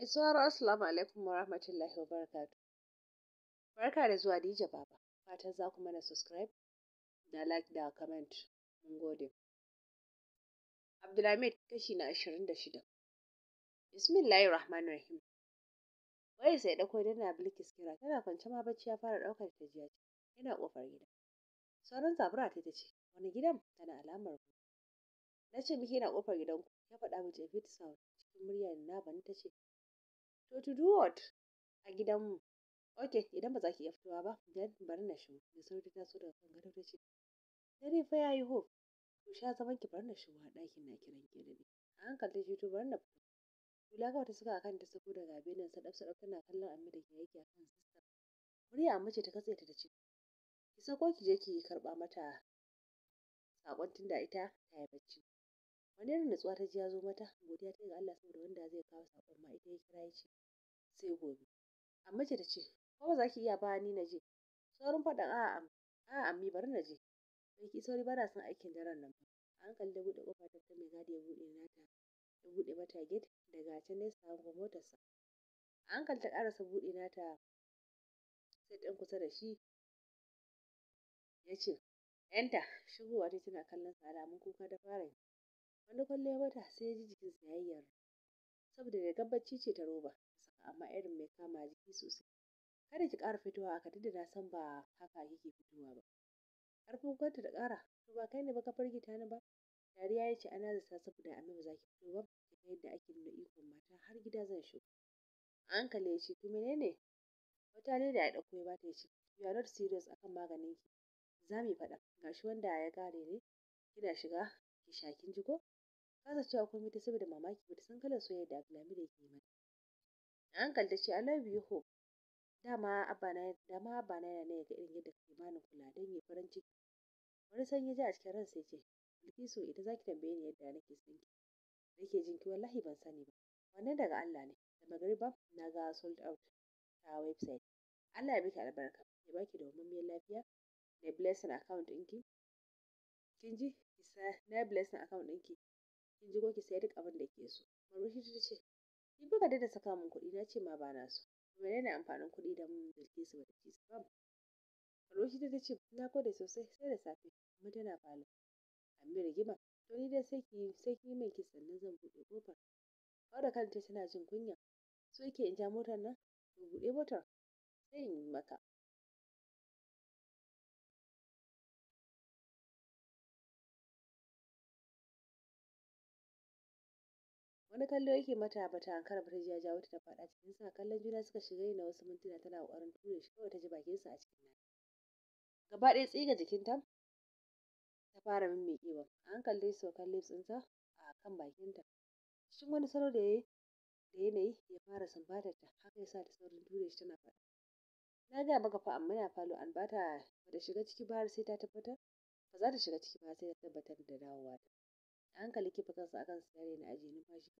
Mai sauraro Assalamu alaikum wa rahmatullahi wa Barka da zuwa Dija Baba, fatan za ku mana subscribe da like da comment. Mun gode. Abdulhamid kashi na ashirin da shida. Bismillahir Rahim. Wai sai ɗauko dana Bilkis kira tana kwance ma bacci ya fara ɗaukar ta jiya yana ƙofar gida. Sauran zabura ta ce wani gidan tana alamar ku. Na ce miki yana ƙofar gidanku ya faɗa mu fit Sound cikin murya, na bani ta ce To to do what? A gidanmu. Ok, idan ba za ki iya fitowa ba, then bari na shigo. Da sauri ta so daga kan gado ta ce, Dare fa yayi ho. To sha zaman ki bari na shigo a ɗakin na kiran ki da A hankali ta to bari na fito. Hula kawai ta saka akan ta sako daga benin sadaf sadaf tana kallon amma da ke aiki akan sistar. Murya amma ce ta katse ta ce, Ki sako ki je ki karɓa mata saƙon tunda ita ta yi bacci. wani irin natsuwa ta ji ya zo mata godiya ta ga Allah saboda wanda zai kawo sakon ma ita ya kira ya ce sai gobe amma ce ta ce ko ba za ki iya ba ni na je saurin faɗin a'a a'a ammi bari na je bai ki sauri na son aikin daren nan a hankali da buɗe kofar ta mai gadi ya buɗe nata ya buɗe mata gate daga can nesa hango motarsa a hankali ta ƙarasa buɗe nata sai ɗan kusa da shi ya ce yanta shigowa ta tana kallon sa alamun kuka ta fara wani kwallo ya mata sai ya ji jikinsa ya yi saboda da gabbaci ce ta roba amma irin mai kama jiki sosai kada ki ƙara fitowa haka da na san ba haka kike fitowa ba ƙarfin kwanta ta ƙara to ba kai ne ba ka firgita ni ba dariya ya ce ana zata saboda amma ba za ki fito ba ki yadda ake nuna ikon mata har gida zan shigo a hankali ya ce to menene wata da ya ɗauko ya bata ya ce you are not serious akan maganin ki za mu yi faɗa gashi wanda ya kare ne kina shiga ki shakin jiko kasa cewa komai ta saboda mamaki bata san kalar soyayya da Abdulhamid yake yi mata a hankali ta ce I love you hope dama abba na dama abba na yana ga irin yadda kake bani kula don yi farin ciki wani sanyi ji a cikin ransa yace Bilkisu ita zaki tambaye ni yadda nake son ki nake jin ki wallahi ban sani ba wannan daga Allah ne da magariba na ga sold out ta website Allah ya biki albarka ya baki da wamma-mummiyar lafiya na blessing account ɗinki kin ji na blessing account ɗinki kin ji ko ki duk abin da ke so murmushi ta ce ni ka daɗa saka min kuɗi na ce ma ba na so kuma yana amfanin kuɗi da mun ke ba da ke su ba da ta ce na gode sosai sai da safe kuma tana falo amir rigima to ni dai sai ki sai ki min kisa. sannan zan buɗe kofar kawai da kanta tana jin kunya so yake in ja motar nan to buɗe motar sai in yi maka wani kallo yake mata ba ta hankara ba ta ji ya jawo ta ta faɗa cikin sa kallon juna suka shiga yi na wasu mintuna tana ƙoƙarin ture shi kawai ta ji bakinsa a cikin na. gaba ɗaya tsiga jikinta ta fara mimmiƙewa a hankali dai saukan lipsinsa a kan bakin ta cikin wani salo da ya da yanayi ya fara sumbatar ta haka yasa ta saurin ture shi tana faɗa na gaya maka fa amma na falo an bata ta shiga ciki ba sai ta tabbatar ba za ta shiga ciki ba sai ta tabbatar da dawowa ta a hankali kifa kansa akan sitiyari na ajiye numfashi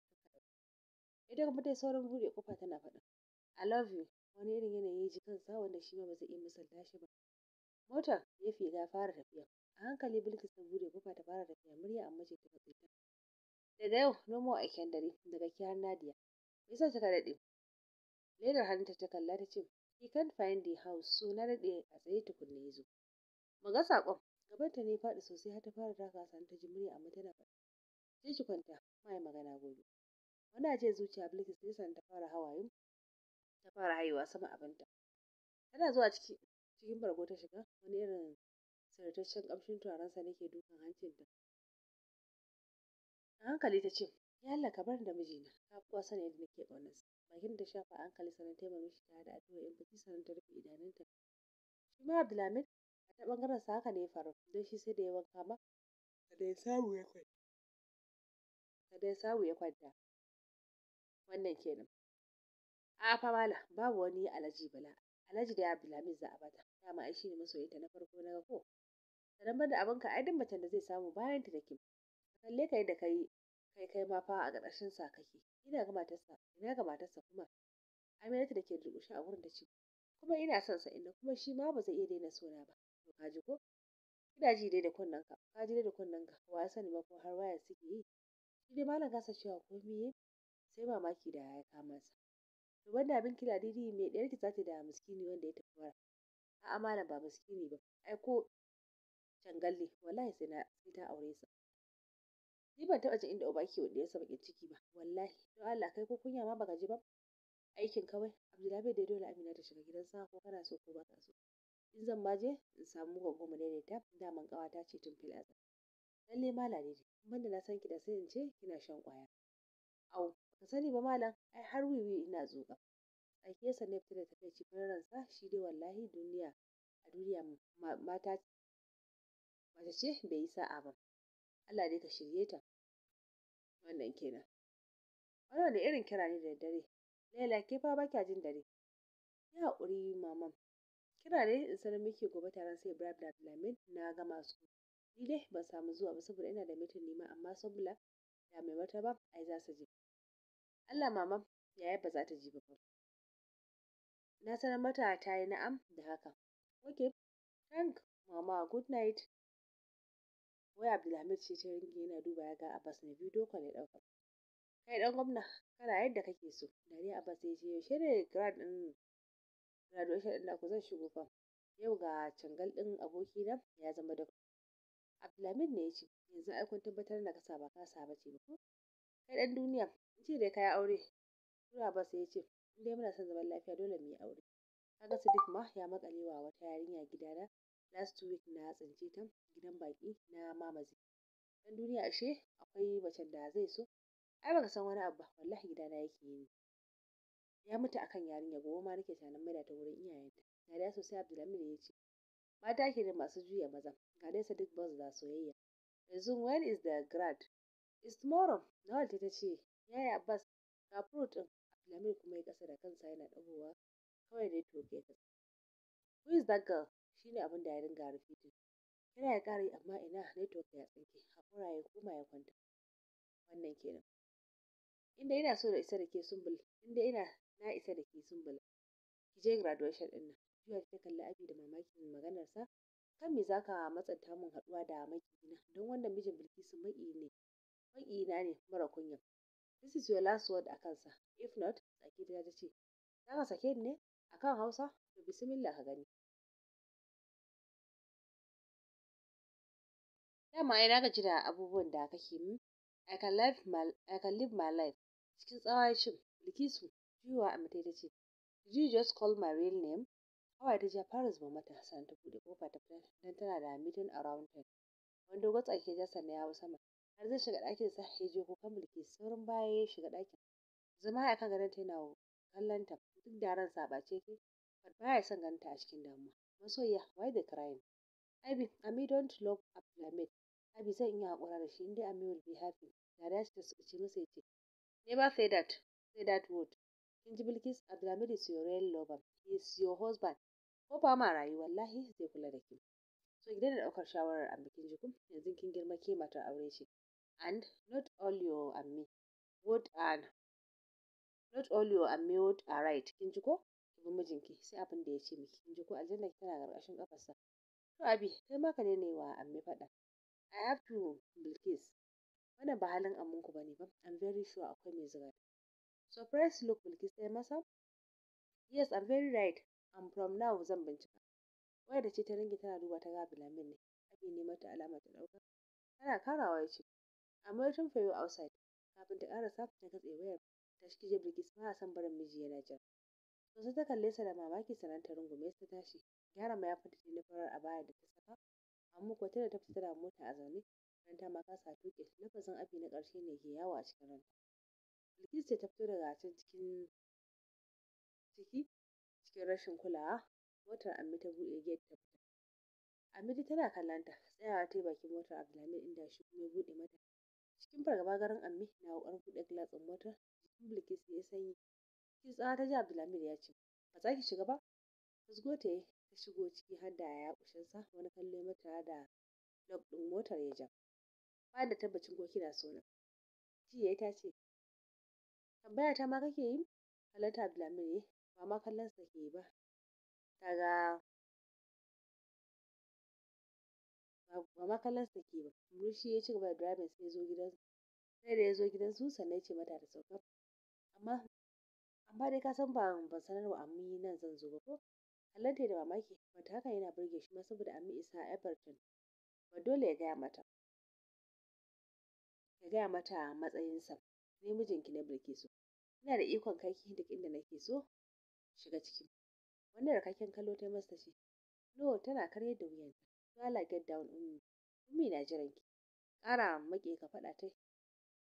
ita kuma ta saurin buɗe kofa tana faɗa I love you wani irin yanayi ya ji wanda shi ma ba zai iya misalta shi ba motar ya figa fara tafiya a hankali Bilkis ta buɗe kofa ta fara tafiya murya amma ce ta katse daga yau nomo a kyan dare daga ki har Nadiya me yasa kika daɗe ledar hannunta ta kalla ta ce he can't find the house so na daɗe a tsaye tukunna ya zo mu ga saƙon gabanta ne faɗi sosai har ta fara taka san ta ji murya amma tana sai ki kwanta ma yi magana gobe wanda jiya zuciya bilkis ta sanda ta fara hawaye ta fara haihuwa sama abinta tana zuwa ciki cikin bargo ta shiga wani irin sirtaccen kamshin turaren ne ke dukan hancinta a hankali ta ce ya Allah ka bar da mijina ka kuwa sani yadda nake ƙaunarsa bakin ta shafa a hankali sannan ta yi shi da addu'a in baki sannan ta rufe idanunta shi ma Abdulhamid a ta bangaren sa haka ne ya faru don shi sai da ya wanka ma da ya samu ya Ka dai samu ya kwanta wannan kenan a fa malam babu wani alhaji bala alhaji da abdulhamis za a bata dama ai shine masoyinta na farko na ko sanan banda ka ai duk macen da zai samu bayan ta take kalle ka yadda kai kai kai ma fa a ƙarƙashin sa kake ina ga matarsa ina ga matarsa kuma Aminatu da ke durƙushe a gurin da ce kuma ina son sa inda kuma shi ma ba zai iya daina sona ba to kaji ko ina ji dai da kunnen ka ka dai da kunnen ka wa sani ma ko har waya suke yi Shi dai malam gasa cewa ya sai mamaki da ya kama sa. To banda abin kila didi me ɗiyarki za zata da miskini wanda ya tafi A'a malam ba miskini ba, ai ko cangalle wallahi sai na sai ta aure sa. Ni ban taɓa jin inda uba yake wa ɗiyarsa baƙin ciki ba wallahi. Don Allah kai ko kunya ma baka ji ba. Aikin kawai Abdullahi da dole Amina ta shiga gidan sama ko kana so ko baka so. In zan ma je in samu goggo mu daidaita daman ƙawata ce tun fil lalle malam ne ban da na san ki da sai in ce kina shan ƙwaya au ka sani ba malam ai har wiwi ina tsoka tsaki sa ne fita da tafiya ci ransa shi dai wallahi duniya a duniya mata mace ce bai yi sa'a ba Allah dai ka shirye ta wannan kenan Wani wani irin kira ne da daddare Laila ke fa ba kya jin dare ya haƙuri maman kira ne in sanar miki gobe taron sai Ibrahim da Abdulhamid na gama su Ni dai ban samu zuwa ba saboda ina da meeting nima amma sabila da mai ba ai za su je. Allah mama yaya ba za ta ji ba fa. Na sanar mata ta yi na'am da haka. Okay, thank mama good night. Wai Abdulhamid ce ta ringe yana duba ya ga Abbas ne bidiyo call ya ɗauka. Kai ɗan gwamna kana yadda kake so. Dariya Abbas ya ce yaushe ne grad ɗin graduation ɗin ku zan shigo fa. Yau ga cangal ɗin abokina ya zama doctor. Abdulhamid ne ya ce, yanzu ai kun tabbatar kasa ba kasa ba ce ba ko? Kai ɗan duniya, jiya dai ka yi aure. ba sai ya ce, in dai muna son zaman lafiya dole mu yi aure. Kaga Sadiq ma ya makale wa wata yarinya gidana last week na tsince ta gidan baki na mamaji. Ɗan duniya ashe akwai macen da zai so. Ai baka san wani abu ba, wallahi gidana yake yi. Ya mutu akan yarinya gobe ma nake tunanin maida ta wurin iyayenta. Dariya sosai Abdulhamid ya ce, mata ke da masu juya maza ga nesa duk ba da soyayya yanzu when is the grad is tomorrow nawal ta ce yaya abbas ga fruit din abdulhamid kuma ya kasa da kansa yana dagowa kawai dai to ke kasa who is that girl shine abin da ya ringa rufe yana ya kare amma ina network ya tsinke hakura ya koma ya kwanta wannan kenan inda ina so da isa da ke sumbul inda ina na isa da ke sumbul ki je graduation din nan Juya ta kalli Abi da mamakin maganarsa. Kan me zaka matsanta mun haɗuwa da maƙiyina? Don wannan mijin Bilkisu ma'ina ne. na ne mara kunya. This is your last word a kansa. If not, tsaki ta ce, Zaka sake ni ne? A kan Hausa? To bismillah ka gani. Dama ai na da abubuwan da kake min. I can live my, life. Cikin tsawa ya ce, Bilkisu, juyawa a mata ta ce, Did you just call my real name? Hawaye ta ja fara zuba mata sannan ta ƙofar ƙofa ta fita don tana da meeting around 10. Wani dogon tsaki ya ja sannan ya hau sama. Har zai shiga ɗakin ya jiyo kukan Bilkis saurin baya ya yi ya shiga ɗakin. Zama ya yi a kan gadonta yana kallon ta duk da ransa a ɓace yake but ba ya son ganin ta a cikin damuwa. Masoyiya why the crying? Abi Ami don't love Abdulhamid. Abi zan iya haƙura da shi in dai Ami will be happy. Dariya ce ta sukuce masa ya ce never say that say that word. Kin ji Bilkis Abdulhamid is your real lover. He is your husband. ko ba ma rayu wallahi zai kula da ki so ki da ɗaukar shawarar ambikin jiku yanzu kin girma ke matar aure ce and not all your and me what are not all your and me what are right kin ji ko ki mijin mijinki sai abin da ya ce miki kin ji ko aljanna tana ƙarƙashin ƙafarsa to abi kai ma ka daina wa amme faɗa I have to Bilkis wannan ba halin ku bane ba I'm very sure akwai mai So surprise look Bilkis ta masa yes I'm very right and from now zan bincika wayar da ce ta ringi tana duba ta ga Abdulhamid ne Abi ne mata alama ta ɗauka tana karawa ya ce I'm waiting for you outside kafin ta safa ta katse wayar ta shi je Bilkis ba san barin miji yana jira sosai ta kalle sa da mamaki sannan ta rungume sa tashi gyara mayafin ta na farar baya da ta saka amma da tana ta fita da mota a zaune don ta ma kasa tuƙe lafazin abi na ƙarshe ne ke yawo a cikin ranta Bilkis ce ta fito daga can cikin ciki cikin rashin kulawa motar Ammi ta buɗe gate ta fita. Ammi tana kallon ta tsayawa ta bakin motar Abdulhamid inda shi kuma ya buɗe mata. Cikin fargaba garin Ammi na ƙoƙarin buɗe glass ɗin motar jikin Bilkis ya sanyi. Cikin tsawa ta ji Abdulhamid ya ce ba za ki shiga ba. Fusgo ta yi ta shigo ciki har da yakushinsa wani kallo mata da log ɗin motar ya ja. Ba da tabbacin ko kina so na. Jiya ta ce tambaya ta ma kake yi? Kallon ta Abdulhamid ya ba ma sa ke ba ga ba sa ke ba murmushi ya ci gaba da driving sai ya zo gidan sai da ya zo gidan su sannan ce mata da sauka amma amma dai ka san ba ban sanar wa ammi nan zan zo ba ko kallonta da mamaki wata haka yana burge shi ma saboda ammi isa Everton ba dole ya gaya mata ya gaya mata matsayinsa ni mijinki na so. ina da ikon kai ki duk inda nake so shiga ciki wannan rakaken kallo ta masa tace no tana karyar da wuyanta you Allah get down ummi ummi na jiran ki ƙara maƙe faɗa ta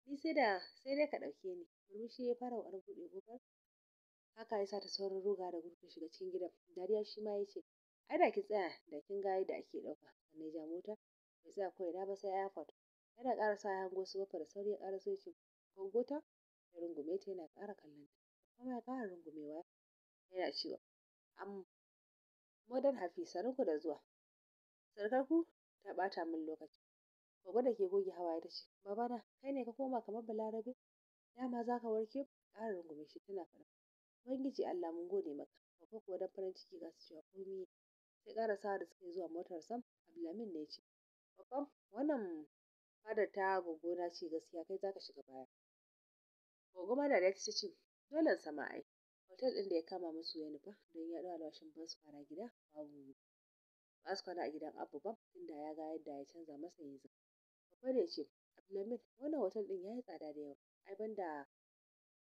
ni sai da sai dai ka ɗauke ni murmushi ya fara wa'ar buɗe ƙofar haka ya sa ta saurin ruga da gudu shiga cikin gidan dariya shi ma ya ce ai da ki tsaya da kin ga yadda ake ɗauka sannan ja mota bai tsaya kawai na ba sai airport yana ƙara sa hango su bafa da sauri ya ƙara so ya ce gogota ya rungume ta yana ƙara kallon ta kuma ya ƙara rungumewa yana cewa am modern hafisa ranku da zuwa ku ta ɓata min lokaci gogo da ke goge hawaye ta ce babana kai ne ka koma kamar balarabe dama za ka warke ƙara rungume shi tana faɗa ubangiji allah mun gode maka gogo kuwa dan farin ciki ga su cewa komi sai ƙara sawa da suka zuwa motar sam min ne ce babban wannan fadar ta gogona ce gaskiya kai za ka shiga baya gogo ma da ta ce dole sama ai Hotel ɗin da ya kama musu ya nufa don ya ɗau alwashin basu su kwana gida babu ba su kwana a gidan abu ba tunda ya ga yadda ya canza masa yanzu. Babba ne ce, Abdulhamid wannan hotel ɗin ya yi tsada da yawa, ai ban da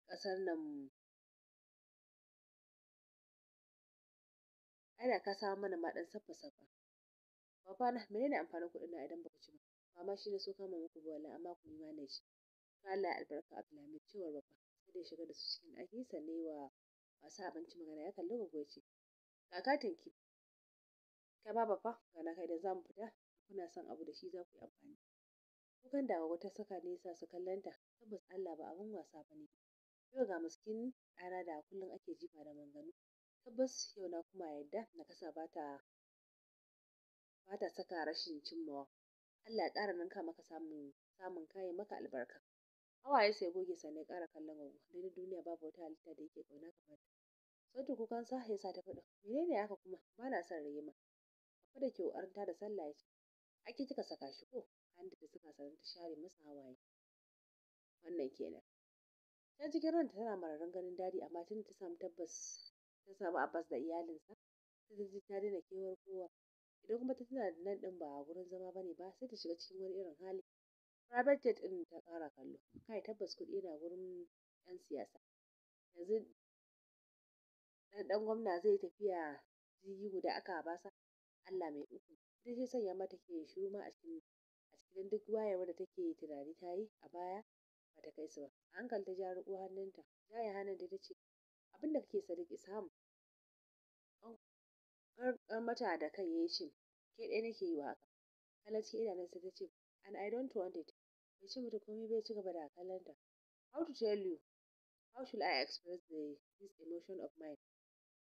ƙasar nan ai da ka samo mana ma ɗan saffa-saffa. Babba na menene amfanin kuɗin nan idan ba ci ba, ba ma shi ne so kama muku ba wallahi amma ku yi manage. To Allah ya albarka Abdulhamid cewar babba. zai ya shiga da su cikin ɗaki sannan yi wa masu abinci magana ya kalli ya ce kakatin ki ba ma fa? gana kai da za mu fita kuna son abu da shi za ku yi amfani kukan da wata saka nesa su kallon ta tabbas Allah ba abin wasa ba ne yau ga miskin ɗana da kullum ake jifa da manganu tabbas yau na kuma yadda na kasa ba ta ba ta saka rashin cimmawa Allah ya ƙara ninka maka samun samun kayan maka albarka hawaye sai goge sannan ƙara kallon Goggo da duniya babu wata halitta da yake ƙauna kamar ta sautin kukan sa ya sa ta faɗa menene haka kuma ba na son ma ko da ke ƙoƙarin da sallah ya ce ake kika saka shi ko an da suka sanar ta share masa hawaye wannan kenan ta cikin ranta tana mararin ganin dadi amma tun ta samu tabbas ta samu Abbas da iyalinsa ta ji ta daina kewar kowa idan kuma ta tana da nan ɗin ba a wurin zama bane ba sai ta shiga cikin wani irin hali Ta Jet ɗin ta ƙara kallo, kai tabbas kuɗi na wurin ‘yan siyasa, yanzu ɗan ɗan gwamna zai yi tafiya jirgi guda aka basa, Allah mai iko, duk shi ya sanya mata ke shiru ma a cikin duk wayewar da take tunani ta yi a baya ba ta kai su ba, a hankali ta ja riƙo hannunta, janye hannun ta ce abin da kake Sadiq Isham, ƙanƙar mata da kai ya ce ke kaɗai nake yi wa haka, kallon cikin idanunsa ta ce and I don't want it, bai ce mata komai bai ci gaba da kallonta how to tell you how should I express the, this emotion of mine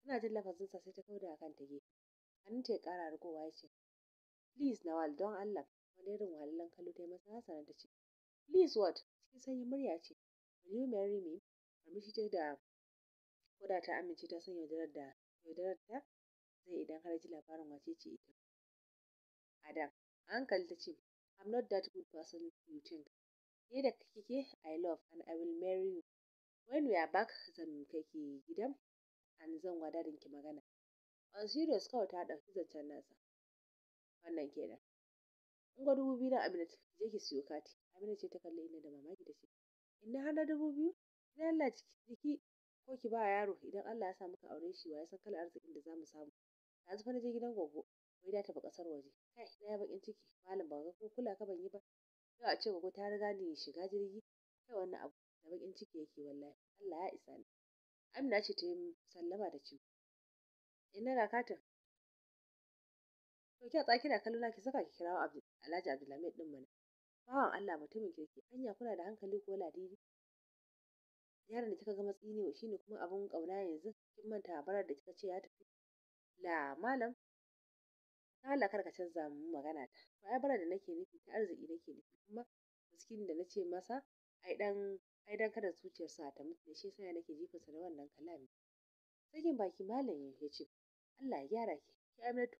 tana jin lafazinsa sai ta kauda kan ta gefe hannunta ta ƙara rigowa ya ce please Nawal don Allah wani irin wahalan kallo ta yi masa hasanan ta ce please what cikin sanyin murya ce will you marry me murmushi ce da koda ta amince ta san yaudarar da yaudarar ta zai idan har ji labarin wace ce ita Adam a hankali ta ce I'm not that good person you think. Ke da kike I love and I will marry you. When we are back zan kai gidan and zan gwada dadin ki magana. On serious kawai ta ɗauki zancen nasa. Wannan kenan. In ga dubu biyu na ta je ki siyo kati. Amina ce ta kalli ina da mamaki da ce. Inna har na dubu biyu? Idan Allah jiki ko ki ba yaro idan Allah ya sa muka aure shi wa ya san kalar arzikin da za mu samu. Yanzu fa na je gidan goggo? wai ta tafi waje kai na yi bakin ciki malam ba ga ko kula ka ban yi ba yau a ce ko ta riga ni shiga jirgi kai wannan abu da bakin ciki yake wallahi Allah ya isa ni Amina ce ta yi sallama da ciwo ina ga katin to kya tsaki na ki saka ki kirawo Alhaji Abdulhamid din mana bawan Allah mutumin kirki Hanya kuna da hankali ko ladidi yaron da kika ga matsi ne shine kuma abun kauna yanzu kin manta barar da kika ce ya tafi la malam Ta Allah kar ka canza min magana ta. Ba bara da nake nufi ta arziki nake nufi kuma miskin da nace masa ai dan ai dan kada zuciyarsa ta mutu da shi yasa nake jifarsa da wannan kalami. Sakin baki malam ya ce Allah ya gyara ki. Ki Aminatu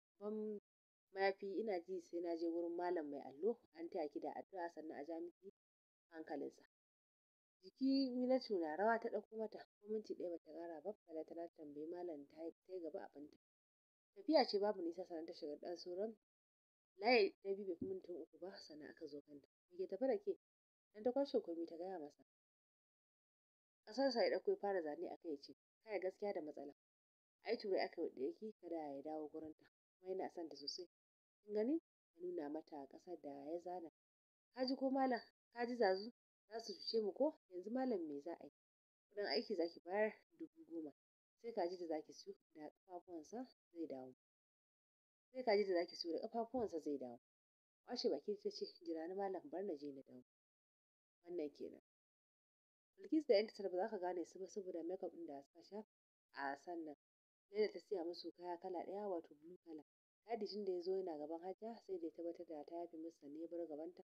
ban fi ina ji sai na je wurin malam mai allo an taya ki da addu'a sannan a ja miki hankalinsa. Jiki Minatu na rawa ta ɗauko mata ko minti ɗaya bata kara ba Bala ta tambayi malam ta yi gaba abinta. tafiya ce babu nisa sannan ta shiga ɗan sauran layi ta biyu bai fi mintin uku ba sannan aka zo kanta me ke tafi da ke dan ta kwashe komai ta gaya masa ƙasar sa ya ɗauko ya fara zane a kai ya ce kai gaskiya da matsala ai turai aka yi da yake kada ya dawo gurin ta kuma yana son ta sosai kin gani ya nuna mata ƙasar da ya zana ka ji ko malam ka ji zazu za su cuce mu ko yanzu malam me za a yi kuɗin aiki za ki bayar dubu goma sai kaji da zaki su da ƙafafuwansa zai dawo sai ji da zaki su da ƙafafuwansa zai dawo washe baki ta ce jira ni malam bar na je na dawo wannan kenan Bilkis da 'yanta ba za ka gane su ba saboda makeup ɗin da suka sha a sannan da ta siya musu kaya kala ɗaya wato blue kala. Hadijin da ya zo yana gaban hajja, sai da ya tabbatar da ta da musu sannan ya bar gabanta.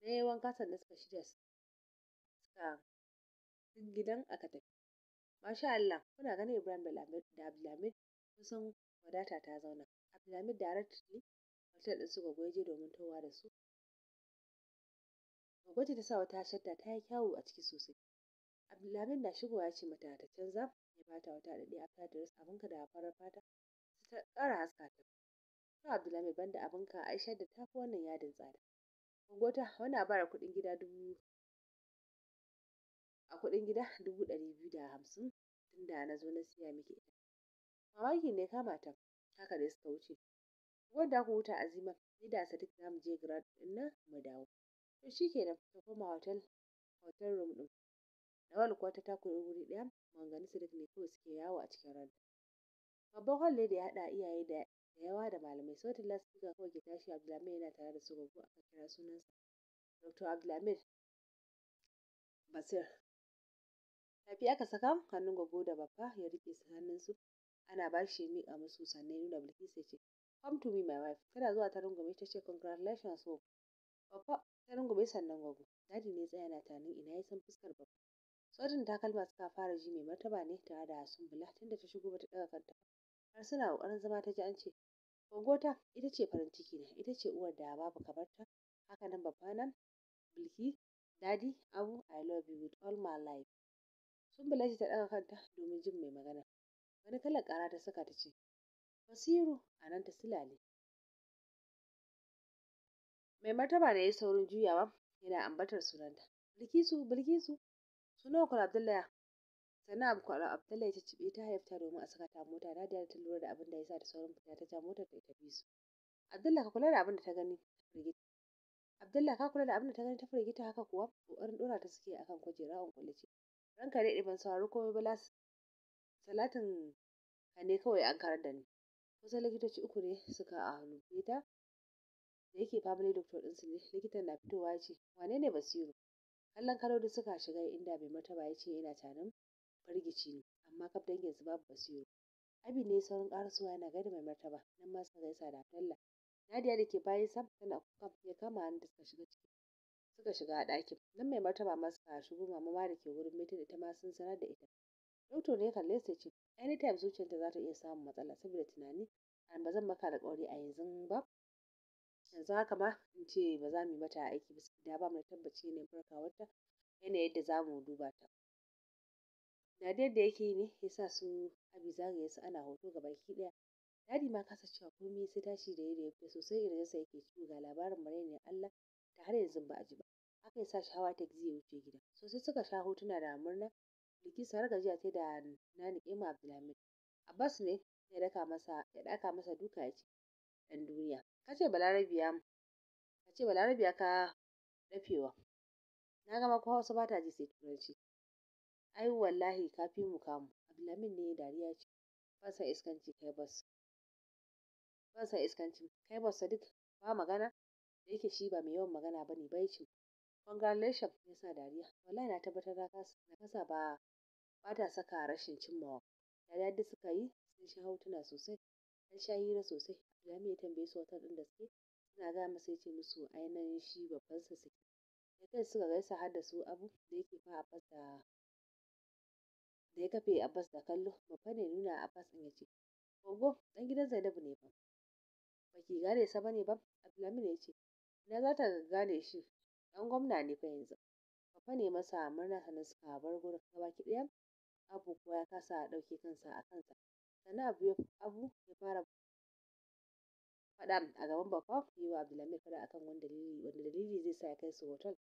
Na yi wanka sannan suka shirya suka gidan aka tafi. Masha Allah, kuna ganin Ibrahim da Abdulhamid kusan wadata ta zauna. Abdulhamid darakta ne otel ɗin su Gwagwaje domin tahowa da su. Gwagwaje ta sa wata shadda ta yi kyawu a ciki sosai. Abdulhamid na shigowa ya ce mata ta canza ya ba ta wata haɗaɗɗiyar after dress abinka da farar fata ta ƙara haska ta. To Abdulhamid banda abinka ai shadda ta fi wannan yadin tsada. Goggo ta wani abara bara kuɗin gida dubu a kuɗin gida dubu ɗari naira hamsin tun da na zo na siya miki ita. Mamaki ne kama ta haka dai suka wuce. da ku huta azima ni da Sadiq za mu je Grand ɗin nan mu dawo. To shi kenan ta koma hotel hotel room ɗin. Lawal kuwa ta takure wuri ɗaya maganganun Sadiq ne kawai suke yawo a cikin ranta. Babban hall ne da ya haɗa iyaye da da yawa da malamai sautin lasifika kawai ke tashi Abdulhamid yana tare da su gogo aka kira sunansa. Dr. Abdulhamid Basir tafi aka saka hannun gwaggo da babba ya rike su hannunsu ana ba shi miƙa musu sannan nuna bilkisu ya ce come to me my wife Kada zuwa ta rungume ta ce congratulations hope Babba, ta rungume sannan gwaggo dadi ne tsaya na tanin ina ya san fuskar babba? sautin takalma suka fara ji mai martaba ne tare da hasun bula tunda ta shigo bata ɗaga kanta har suna ƙoƙarin zama ta ji an ce Gogota ita ce farin ciki na, ita ce uwar da babu kamar ta. Haka nan babba nan, Bilki, Daddy, Abu, I love you with all my life. Sumbula ce ta ɗaga kanta domin jin mai magana. Wani kalar ƙara ta saka ta ce, Basiru, a nan ta silale. Mai martaba da ya yi saurin juyawa yana ambatar sunanta. Bilkisu, Bilkisu, sunan Kwal Abdullahi. Sannan Kwal Abdullahi ta cibe ta haifta domin a saka ta mota. Nadiya ta lura da abin da ya sa ta saurin fita ta ja motar ta tafi su. Abdullahi ka kula da abin da ta gani ta firgita. Abdullahi ka kula da abin da ta gani ta firgita haka kuwa ƙoƙarin ɗora ta suke akan kujera unkulice. ranka ya daɗe ban saurari komai ba las salatin ka ne kawai an karar da ni kusan likitoci uku ne suka a hannu da yake family doctor su ne likitan na fitowa ya ce wane ne basiru kallon duk suka shiga inda bai martaba ya ce yana tarin firgici ne amma kaf danginsu babu basiru abi ne saurin karasuwa yana gaida mai martaba nan ma suka gaisa da abdallah nadiya da ke bayan sam tana kuka ya kama hannun suka shiga ciki suka shiga ɗakin nan mai martaba maska shigo mama ma da ke wurin mitin ita ma sun sanar da ita doktor ne kalle sai ce anytime zuciyarta za ta iya samun matsala saboda tunani ba zan maka da alƙawari a yanzu ba yanzu haka ma in ce ba za mu yi mata aiki ba. da ba mu da tabbaci ne farkawarta Yana yadda za mu duba ta na da yadda yake ne ya sa su abi zagaye su ana hoto ga baki ɗaya dadi ma kasa cewa komai sai tashi da yadda ya fi sosai irin yasa yake ciwo ga labarin marainiyar Allah da har yanzu ba a ji ba haka sa sa hawa ta ya wuce gida sosai suka sha hotuna da murna bilkisu har gajiya sai da na niƙe ma abdulhamid abbas ne ya daka masa ya daka masa duka ya ce duniya ka ce balarabiya ka balarabiya ka dafewa na gama ko hausa ba ta ji sai turanci ai wallahi ka fi mu kamu abdulhamid ne dariya ce ban san iskanci kai bas ban san iskanci kai bas duk ba magana da yake shi ba mai yawan magana ba ne, bai ce Congratulations ya sa dariya. Wallahi na tabbatar nakasa ba ba ta saka rashin cimmawa. Dariya duk suka yi sun sha hotuna sosai, an sha hira sosai. Abdulhamid ya tambaye su hotel ɗin da suke, suna gaya masa ya ce musu ai nan shi babbansa suke. Da kai suka gaisa har da su Abu da yake fa Abbas da da ya kafe Abbas da kallo. Babba ne nuna Abbas ɗin ya ce, Gogo, ɗan gidan Zainabu ne fa. Ba ki gane sa ba ne ba? Abdulhamid ya ce, Ina za ta gane shi? ɗan gwamna ne fa yanzu Baffa ne masa murna sannan suka bar gurin gabaki ɗaya Abu kuwa ya kasa ɗauke kansa a kansa sannan Abu ya fara faɗa a gaban Baffa ya yi wa Abdulhamid faɗa akan wani dalili wanda dalili zai sa ya kai su otal.